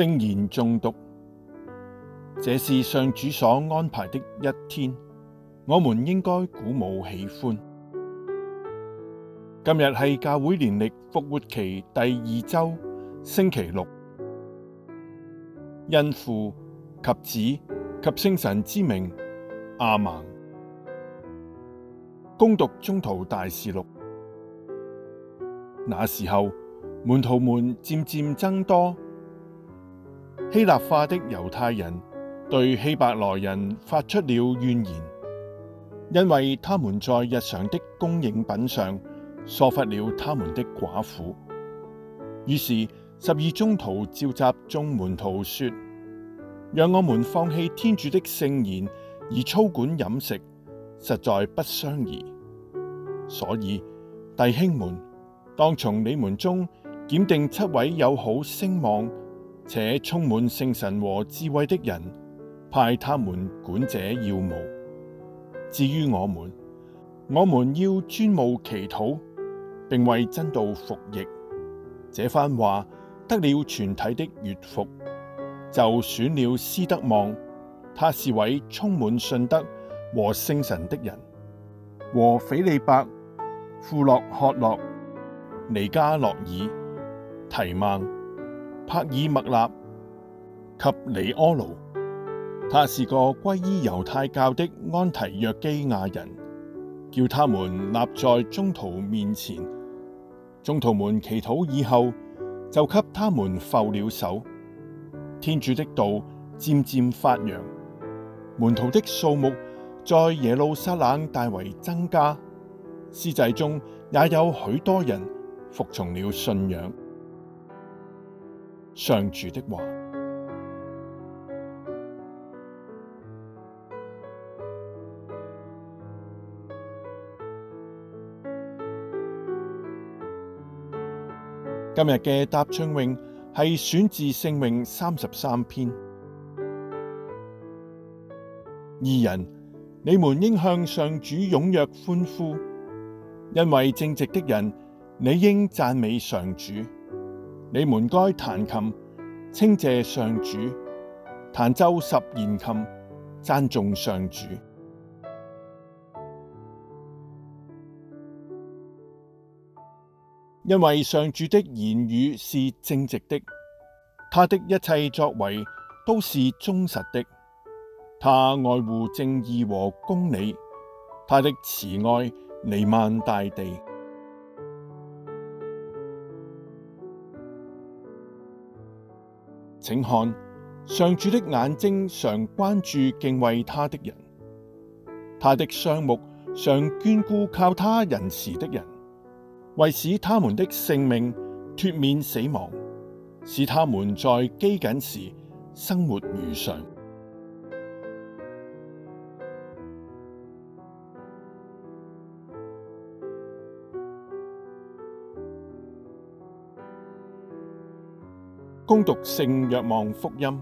聖言誦讀，這是上主所安排的一天，我們應該鼓舞喜歡。今日係教會年曆復活期第二周，星期六，因父及子及聖神之名，亞孟。恭讀宗徒大事錄，那時候門徒們漸漸增多。希臘化的猶太人對希伯來人發出了怨言，因為他們在日常的供應品上疏忽了他們的寡婦。於是十二宗徒召集眾門徒說：讓我們放棄天主的聖言而操管飲食，實在不相宜。所以弟兄們，當從你們中檢定七位有好聲望。且充滿聖神和智慧的人，派他們管這要務。至於我們，我們要專務祈禱，並為真道服役。這番話得了全體的悅服，就選了斯德望，他是位充滿信德和聖神的人，和斐理伯、仆洛曷洛、尼加諾爾、提孟。柏爾麥納及里阿奴，他是個歸依猶太教的安提約基亞人，叫他們立在中途面前。中途們祈禱以後，就給他們浮了手。天主的道漸漸發揚，門徒的數目在耶路撒冷大為增加，私祭中也有許多人，服從了信仰。上主的話，今日嘅答唱詠係選自聖詠三十三篇。義人，你們應向上主踴躍歡呼，因為正直的人，你應讚美上主。你們該彈琴，稱謝上主，彈奏十弦琴，讚頌上主，因為上主的言語是正直的，他的一切作為都是忠實的，他愛護正義和公理，他的慈愛瀰漫大地。請看，上主的眼睛常關注敬畏他的人，他的雙目常眷顧靠他仁慈的人，為使他們的性命脫免死亡，使他們在饑饉時生活如常。恭讀聖若望福音。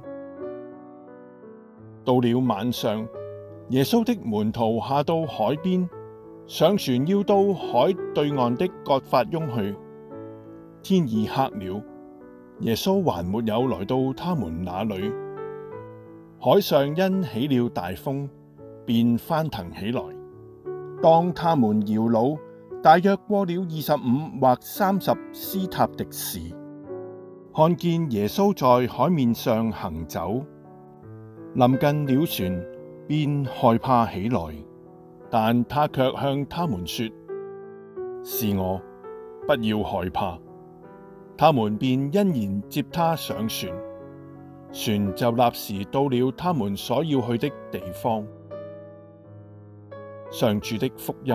到了晚上，耶穌的門徒下到海邊，上船要到海對岸的葛法翁去。天已黑了，耶穌還沒有來到他們那裏。海上因起了大風，便翻騰起來。當他們搖櫓，大約過了二十五或三十斯塔狄時。看見耶穌在海面上行走，臨近了船，便害怕起來。但他卻向他們說：「是我，不要害怕。」他們便欣然接他上船，船就立時到了他們所要去的地方。上主的福音。